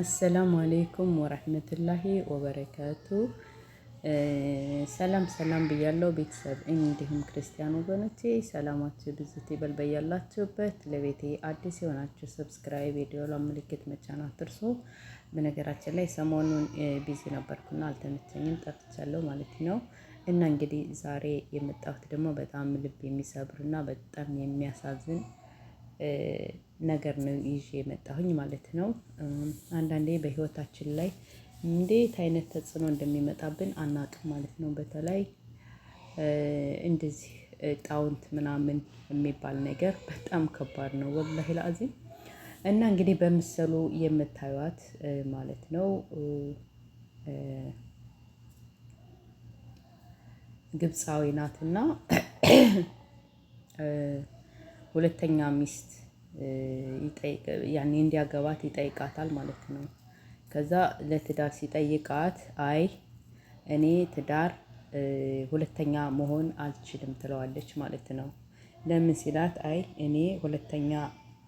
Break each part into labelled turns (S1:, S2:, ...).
S1: አሰላሙ አሌይኩም ወረህመቱላሂ ወበረካቱ። ሰላም ሰላም ብያለው ቤተሰብ፣ እንዲሁም ክርስቲያን ወገኖቼ ሰላማችሁ ብዝት ይበል በያላችሁበት። ለቤቴ አዲስ የሆናችሁ ሰብስክራይብ፣ የደወል ምልክት መጫን አትርሱ። በነገራችን ላይ ሰሞኑን ቢዚ ነበርኩና አልተመቸኝም፣ ጠፍቻለሁ ማለት ነው። እና እንግዲህ ዛሬ የመጣሁት ደግሞ በጣም ልብ የሚሰብርና በጣም የሚያሳዝን ነገር ነው ይዤ የመጣሁኝ ማለት ነው። አንዳንዴ በህይወታችን ላይ እንዴት አይነት ተጽዕኖ እንደሚመጣብን አናውቅም ማለት ነው። በተለይ እንደዚህ ጣውንት ምናምን የሚባል ነገር በጣም ከባድ ነው ወላሂ ለአዚም እና እንግዲህ በምስሉ የምታዩት ማለት ነው ግብፃዊ ናትና ሁለተኛ ሚስት ያኔ እንዲያገባት ይጠይቃታል ማለት ነው። ከዛ ለትዳር ሲጠይቃት አይ እኔ ትዳር ሁለተኛ መሆን አልችልም ትለዋለች ማለት ነው። ለምን ሲላት አይ እኔ ሁለተኛ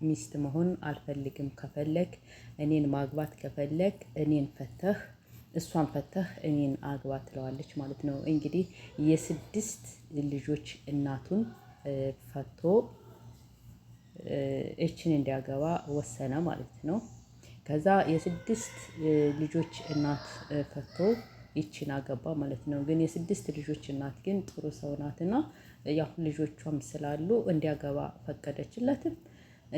S1: ሚስት መሆን አልፈልግም፣ ከፈለግ እኔን ማግባት ከፈለግ እኔን ፈተህ እሷን ፈተህ እኔን አግባ ትለዋለች ማለት ነው። እንግዲህ የስድስት ልጆች እናቱን ፈቶ እችን እንዲያገባ ወሰነ ማለት ነው። ከዛ የስድስት ልጆች እናት ፈቶ ይችን አገባ ማለት ነው። ግን የስድስት ልጆች እናት ግን ጥሩ ሰው ናትና ያው ልጆቿም ስላሉ እንዲያገባ ፈቀደችለትም።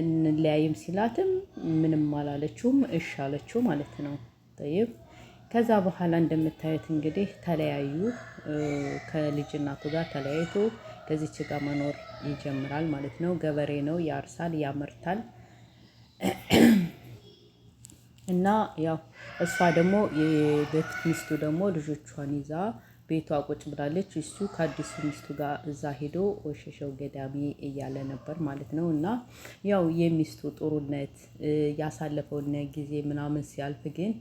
S1: እንለያይም ሲላትም ምንም አላለችውም፣ እሺ አለችው ማለት ነው። ጠይብ ከዛ በኋላ እንደምታዩት እንግዲህ ተለያዩ። ከልጅ እናቱ ጋር ተለያይቶ ከዚች ጋር መኖር ይጀምራል ማለት ነው። ገበሬ ነው፣ ያርሳል፣ ያመርታል እና ያው እሷ ደግሞ የበፊት ሚስቱ ደግሞ ልጆቿን ይዛ ቤቷ ቁጭ ብላለች። እሱ ከአዲሱ ሚስቱ ጋር እዛ ሄዶ ወሸሸው ገዳሚ እያለ ነበር ማለት ነው። እና ያው የሚስቱ ጥሩነት ያሳለፈውን ጊዜ ምናምን ሲያልፍ ግን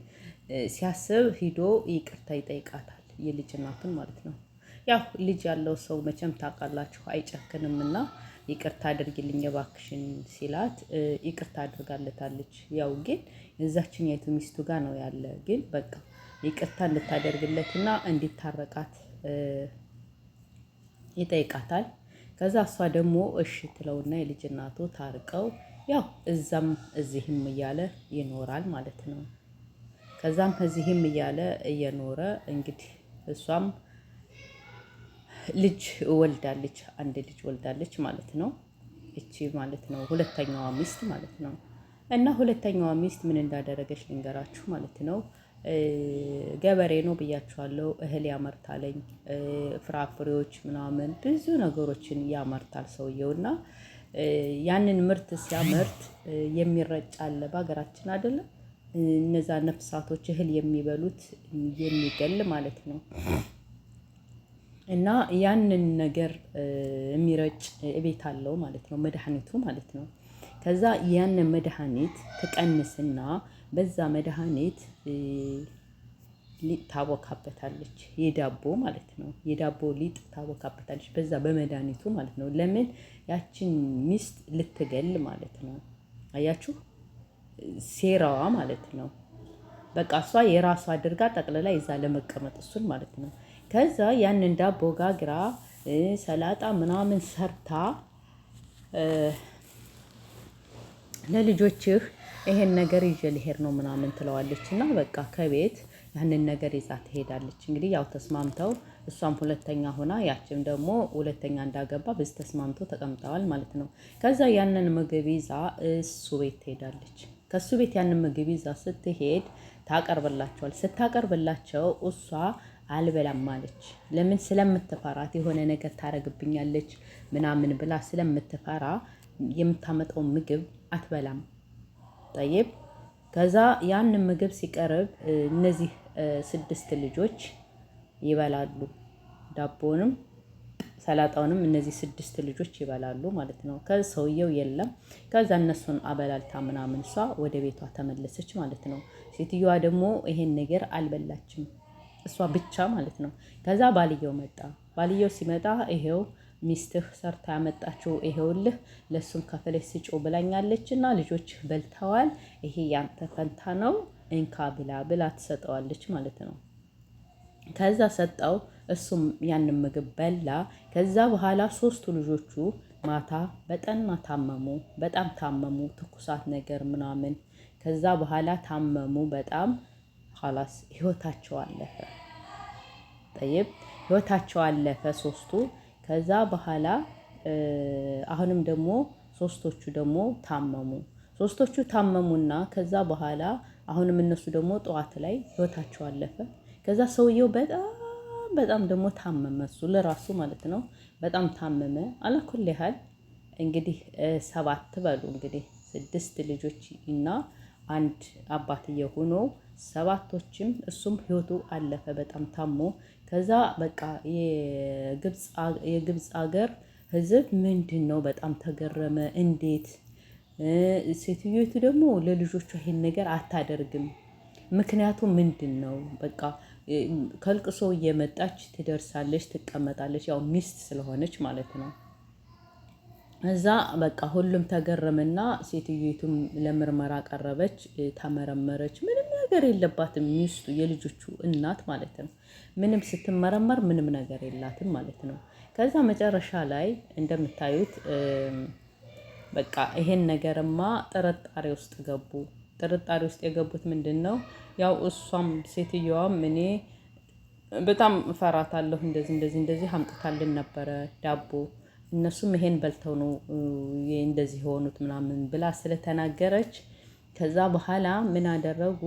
S1: ሲያስብ ሂዶ ይቅርታ ይጠይቃታል፣ የልጅ ማለት ነው። ያው ልጅ ያለው ሰው መቼም ታውቃላችሁ አይጨክንም እና ይቅርታ አድርግልኝ የባክሽን ሲላት ይቅርታ አድርጋለታለች። ያው ግን የዛችን የቱ ሚስቱ ጋር ነው ያለ። ግን በቃ ይቅርታ እንድታደርግለትና እንዲታረቃት ይጠይቃታል። ከዛ እሷ ደግሞ እሺ ትለውና የልጅ እናቱ ታርቀው ያው እዛም እዚህም እያለ ይኖራል ማለት ነው። ከዛም እዚህም እያለ እየኖረ እንግዲህ እሷም ልጅ ወልዳለች፣ አንድ ልጅ ወልዳለች ማለት ነው። እቺ ማለት ነው ሁለተኛዋ ሚስት ማለት ነው። እና ሁለተኛዋ ሚስት ምን እንዳደረገች ልንገራችሁ ማለት ነው። ገበሬ ነው ብያችኋለሁ። እህል ያመርታለኝ ፍራፍሬዎች ምናምን ብዙ ነገሮችን ያመርታል ሰውየው እና ያንን ምርት ሲያመርት የሚረጭ አለ በሀገራችን አይደለም። እነዛ ነፍሳቶች እህል የሚበሉት የሚገል ማለት ነው እና ያንን ነገር የሚረጭ እቤት አለው ማለት ነው፣ መድኃኒቱ ማለት ነው። ከዛ ያንን መድኃኒት ትቀንስና በዛ መድኃኒት ሊጥ ታቦካበታለች፣ የዳቦ ማለት ነው። የዳቦ ሊጥ ታቦካበታለች በዛ በመድኃኒቱ ማለት ነው። ለምን ያችን ሚስት ልትገል ማለት ነው። አያችሁ ሴራዋ ማለት ነው። በቃ እሷ የራሷ አድርጋ ጠቅልላ ይዛ ለመቀመጥ እሱን ማለት ነው። ከዛ ያንን ዳቦ ጋግራ ሰላጣ ምናምን ሰርታ ለልጆችህ ይሄን ነገር ይዤ ልሄድ ነው ምናምን ትለዋለች እና በቃ ከቤት ያንን ነገር ይዛ ትሄዳለች። እንግዲህ ያው ተስማምተው እሷም ሁለተኛ ሆና ያችም ደግሞ ሁለተኛ እንዳገባ በዚህ ተስማምተው ተቀምጠዋል ማለት ነው። ከዛ ያንን ምግብ ይዛ እሱ ቤት ትሄዳለች። ከእሱ ቤት ያንን ምግብ ይዛ ስትሄድ ታቀርብላቸዋል። ስታቀርብላቸው እሷ አልበላም አለች። ለምን ስለምትፈራት የሆነ ነገር ታረግብኛለች ምናምን ብላ ስለምትፈራ የምታመጣው ምግብ አትበላም። ጠይብ ከዛ ያንን ምግብ ሲቀርብ እነዚህ ስድስት ልጆች ይበላሉ። ዳቦንም ሰላጣውንም እነዚህ ስድስት ልጆች ይበላሉ ማለት ነው። ከሰውየው የለም። ከዛ እነሱን አበላልታ ምናምን እሷ ወደ ቤቷ ተመለሰች ማለት ነው። ሴትዮዋ ደግሞ ይሄን ነገር አልበላችም። እሷ ብቻ ማለት ነው። ከዛ ባልየው መጣ። ባልየው ሲመጣ ይሄው ሚስትህ ሰርታ ያመጣችው ይሄውልህ፣ ለእሱም ከፍለሽ ስጪው ብላኛለች እና ልጆችህ በልተዋል፣ ይሄ ያንተ ፈንታ ነው እንካ ብላ ብላ ትሰጠዋለች ማለት ነው። ከዛ ሰጠው፣ እሱም ያንን ምግብ በላ። ከዛ በኋላ ሶስቱ ልጆቹ ማታ በጠና ታመሙ፣ በጣም ታመሙ፣ ትኩሳት ነገር ምናምን። ከዛ በኋላ ታመሙ በጣም ኋላስ ህይወታቸው አለፈ። ጠይብ ህይወታቸው አለፈ ሶስቱ። ከዛ በኋላ አሁንም ደግሞ ሶስቶቹ ደግሞ ታመሙ። ሶስቶቹ ታመሙና ከዛ በኋላ አሁንም እነሱ ደግሞ ጠዋት ላይ ህይወታቸው አለፈ። ከዛ ሰውየው በጣም በጣም ደግሞ ታመመ፣ እሱ ለራሱ ማለት ነው። በጣም ታመመ። አላኩል ያህል እንግዲህ ሰባት በሉ እንግዲህ ስድስት ልጆች እና አንድ አባትየ ሆኖ ሰባቶችም እሱም ህይወቱ አለፈ በጣም ታሞ። ከዛ በቃ የግብፅ አገር ህዝብ ምንድን ነው በጣም ተገረመ። እንዴት ሴትዮቱ ደግሞ ለልጆቿ ይሄን ነገር አታደርግም? ምክንያቱ ምንድን ነው? በቃ ከልቅሶ እየመጣች ትደርሳለች፣ ትቀመጣለች። ያው ሚስት ስለሆነች ማለት ነው። እዛ በቃ ሁሉም ተገረመና ሴትዮቱም ለምርመራ ቀረበች፣ ተመረመረች። ምንም ነገር የለባትም ሚስቱ የልጆቹ እናት ማለት ነው። ምንም ስትመረመር ምንም ነገር የላትም ማለት ነው። ከዛ መጨረሻ ላይ እንደምታዩት በቃ ይሄን ነገርማ ጥርጣሬ ውስጥ ገቡ። ጥርጣሬ ውስጥ የገቡት ምንድን ነው ያው እሷም ሴትየዋም እኔ በጣም እፈራታለሁ እንደዚህ እንደዚህ እንደዚህ አምጥታልን ነበረ ዳቦ እነሱም ይሄን በልተው ነው እንደዚህ የሆኑት ምናምን ብላ ስለተናገረች ከዛ በኋላ ምን አደረጉ?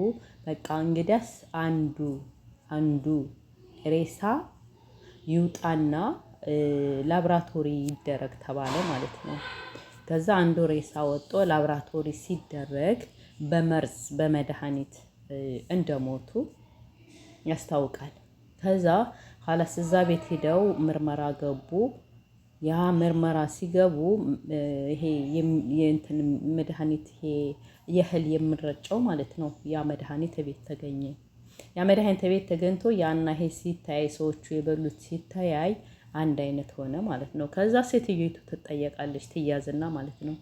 S1: በቃ እንግዲያስ አንዱ አንዱ ሬሳ ይውጣና ላብራቶሪ ይደረግ ተባለ ማለት ነው። ከዛ አንዱ ሬሳ ወጦ ላብራቶሪ ሲደረግ በመርዝ በመድኃኒት እንደሞቱ ያስታውቃል። ከዛ ኋላስ እዛ ቤት ሄደው ምርመራ ገቡ። ያ ምርመራ ሲገቡ ይሄ የእንትን መድኃኒት ይሄ የእህል የምንረጨው ማለት ነው። ያ መድኃኒት ቤት ተገኘ። ያ መድኃኒት ቤት ተገኝቶ ያና ይሄ ሲታያይ ሰዎቹ የበሉት ሲታያይ አንድ አይነት ሆነ ማለት ነው። ከዛ ሴትዮይቱ ትጠየቃለች ትያዝና ማለት ነው።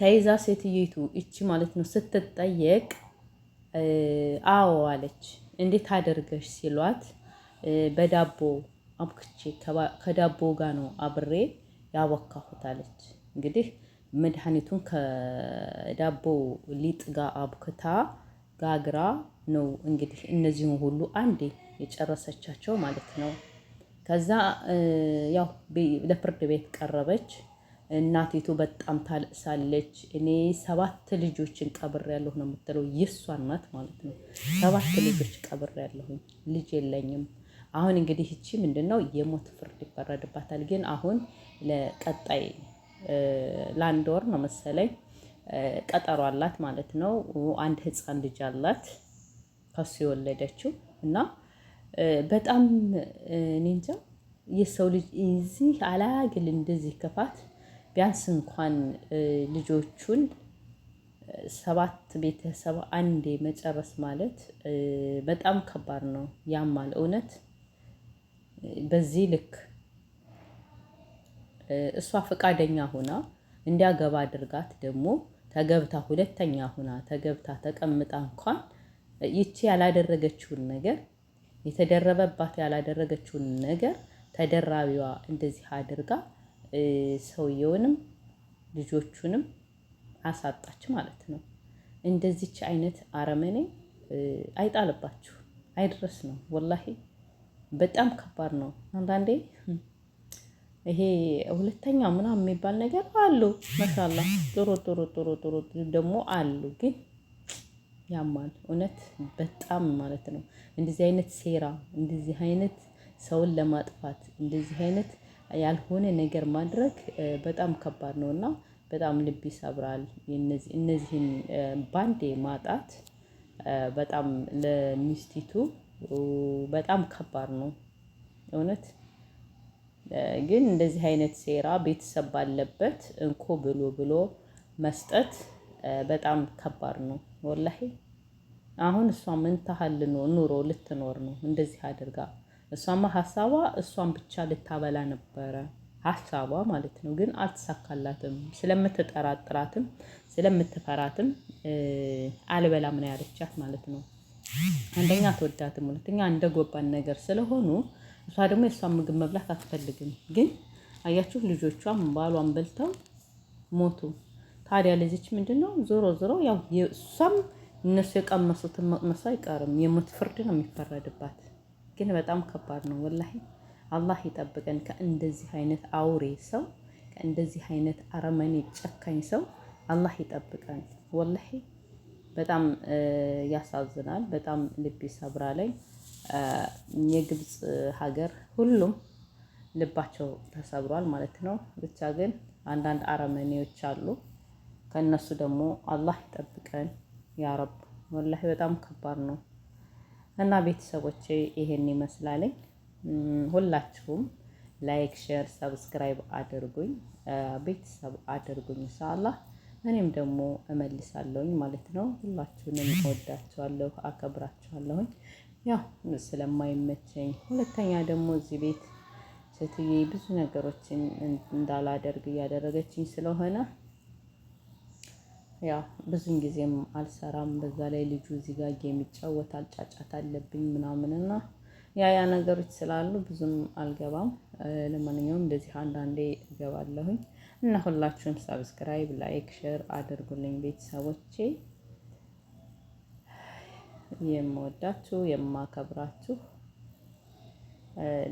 S1: ተይዛ ሴትዮይቱ እቺ ማለት ነው ስትጠየቅ አዎ አለች። እንዴት አደርገሽ ሲሏት በዳቦ አብክቼ ከዳቦ ጋር ነው አብሬ ያቦካሁት አለች። እንግዲህ መድኃኒቱን ከዳቦ ሊጥ ጋር አብክታ ጋግራ ነው እንግዲህ እነዚህን ሁሉ አንዴ የጨረሰቻቸው ማለት ነው። ከዛ ያው ለፍርድ ቤት ቀረበች። እናቲቱ በጣም ታልቅሳለች። እኔ ሰባት ልጆችን ያለሁ ነው የምትለው የእሷ እናት ማለት ነው። ሰባት ልጆች ቀብሬያለሁኝ ልጅ የለኝም አሁን እንግዲህ እቺ ምንድን ነው የሞት ፍርድ ይፈረድባታል። ግን አሁን ለቀጣይ ለአንድ ወር ነው መሰለኝ ቀጠሮ አላት ማለት ነው። አንድ ህፃን ልጅ አላት ከሱ የወለደችው እና በጣም እኔ እንጃ የሰው ልጅ እዚህ አላግል እንደዚህ ክፋት ቢያንስ እንኳን ልጆቹን ሰባት ቤተሰብ አንዴ መጨረስ ማለት በጣም ከባድ ነው። ያማል እውነት በዚህ ልክ እሷ ፈቃደኛ ሆና እንዲያገባ አድርጋት ደግሞ ተገብታ ሁለተኛ ሆና ተገብታ ተቀምጣ እንኳን ይቺ ያላደረገችውን ነገር የተደረበባት ያላደረገችውን ነገር ተደራቢዋ እንደዚህ አድርጋ ሰውየውንም ልጆቹንም አሳጣች ማለት ነው። እንደዚች አይነት አረመኔ አይጣልባችሁ አይድረስ ነው ወላሄ በጣም ከባድ ነው። አንዳንዴ ይሄ ሁለተኛው ምናምን የሚባል ነገር አሉ። መሻላ ጥሩ ጥሩ ጥሩ ጥሩ ደግሞ አሉ፣ ግን ያማል እውነት በጣም ማለት ነው። እንደዚህ አይነት ሴራ፣ እንደዚህ አይነት ሰውን ለማጥፋት፣ እንደዚህ አይነት ያልሆነ ነገር ማድረግ በጣም ከባድ ነው እና በጣም ልብ ይሰብራል። እነዚህን ባንዴ ማጣት በጣም ለሚስቲቱ በጣም ከባድ ነው እውነት። ግን እንደዚህ አይነት ሴራ ቤተሰብ ባለበት እንኮ ብሎ ብሎ መስጠት በጣም ከባድ ነው ወላሂ። አሁን እሷ ምን ታህል ኑሮ ልትኖር ነው እንደዚህ አድርጋ? እሷማ ሀሳቧ እሷን ብቻ ልታበላ ነበረ ሀሳቧ ማለት ነው። ግን አልተሳካላትም። ስለምትጠራጥራትም ስለምትፈራትም አልበላም ነው ያለቻት ማለት ነው። አንደኛ አትወዳትም፣ ሁለተኛ እንደ ጎባን ነገር ስለሆኑ እሷ ደግሞ የእሷን ምግብ መብላት አትፈልግም። ግን አያችሁ ልጆቿም ባሏን በልተው ሞቱ። ታዲያ ልጅች ምንድን ነው ዞሮ ዞሮ ያው እሷም እነሱ የቀመሱትን መቅመሱ አይቀርም። የሞት ፍርድ ነው የሚፈረድባት። ግን በጣም ከባድ ነው ወላሂ። አላህ ይጠብቀን ከእንደዚህ አይነት አውሬ ሰው፣ ከእንደዚህ አይነት አረመኔ ጨካኝ ሰው አላህ ይጠብቀን ወላሂ። በጣም ያሳዝናል። በጣም ልብ ይሰብራለኝ። የግብፅ ሀገር ሁሉም ልባቸው ተሰብሯል ማለት ነው። ብቻ ግን አንዳንድ አረመኔዎች አሉ። ከእነሱ ደግሞ አላህ ይጠብቀን ያረብ። ወላሂ በጣም ከባድ ነው እና ቤተሰቦቼ ይሄን ይመስላለኝ። ሁላችሁም ላይክ፣ ሼር፣ ሰብስክራይብ አድርጉኝ፣ ቤተሰብ አድርጉኝ ኢንሻአላህ። እኔም ደግሞ እመልሳለሁኝ ማለት ነው። ሁላችሁንም እወዳችኋለሁ፣ አከብራችኋለሁኝ። ያው ስለማይመቸኝ ሁለተኛ ደግሞ እዚህ ቤት ሴትዬ ብዙ ነገሮችን እንዳላደርግ እያደረገችኝ ስለሆነ ያ ብዙን ጊዜም አልሰራም። በዛ ላይ ልጁ እዚህ ጋር ጌም ጫጫት አለብኝ ምናምንና ያ ያ ነገሮች ስላሉ ብዙም አልገባም። ለማንኛውም እንደዚህ አንዳንዴ እገባለሁኝ። እና ሁላችሁም ሳብስክራይብ፣ ላይክ፣ ሼር አድርጉልኝ ቤተሰቦቼ። የምወዳችሁ የማከብራችሁ፣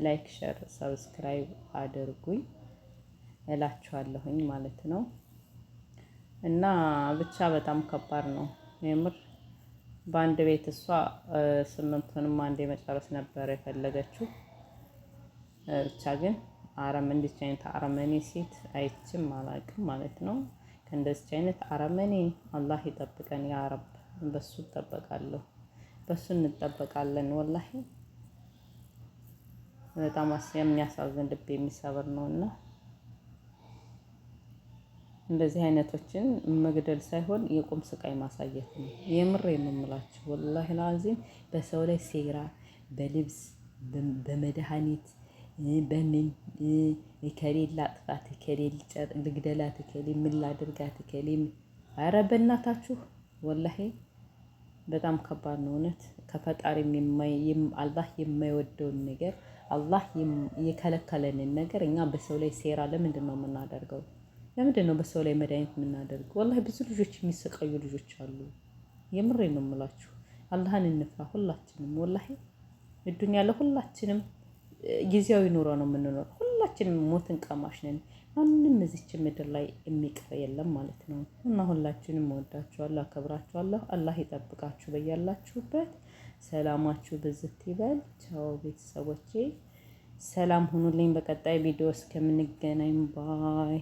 S1: ላይክ፣ ሼር፣ ሰብስክራይብ አድርጉኝ እላችኋለሁኝ ማለት ነው። እና ብቻ በጣም ከባድ ነው የምር በአንድ ቤት እሷ ስምንቱንም አንድ የመጨረስ ነበር የፈለገችው ብቻ ግን አረም እንዲች አይነት አረመኔ ሴት አይችም አላቅም ማለት ነው። ከእንደዚች አይነት አረመኔ አላህ ይጠብቀን ያረብ። በሱ እጠበቃለሁ፣ በሱ እንጠበቃለን። ወላሂ በጣም የሚያሳዝን ልብ የሚሰብር ነው እና እንደዚህ አይነቶችን መግደል ሳይሆን የቁም ስቃይ ማሳየት ነው። የምር የምምላችሁ ወላሂ ለአዚም በሰው ላይ ሴራ በልብስ በመድኃኒት በምን እከሌን ላጥፋት፣ እከሌን ልግደላት፣ እከሌን ምን ላድርጋት፣ እከሌን ኧረ በእናታችሁ ወላሂ በጣም ከባድ ነው። እውነት ከፈጣሪም አላህ የማይወደውን ነገር አላህ የከለከለንን ነገር እኛ በሰው ላይ ሴራ ለምንድን ነው የምናደርገው? ለምንድን ነው በሰው ላይ መድኃኒት የምናደርገው? ወላሂ ብዙ ልጆች የሚሰቃዩ ልጆች አሉ። የምሬ ነው የምላችሁ። አላህን እንፍራ ሁላችንም። ወላሂ እዱንያ ለሁላችንም ጊዜያዊ ኑሮ ነው የምንኖር። ሁላችንም ሞትን ቀማሽ ነን። ማንም እዚች ምድር ላይ የሚቀር የለም ማለት ነው። እና ሁላችንም ወዳችኋለሁ፣ አከብራችኋለሁ። አላህ ይጠብቃችሁ በያላችሁበት። ሰላማችሁ ብዝት ይበል። ቻው ቤተሰቦቼ፣ ሰላም ሁኑልኝ። በቀጣይ ቪዲዮ እስከምንገናኝ ባይ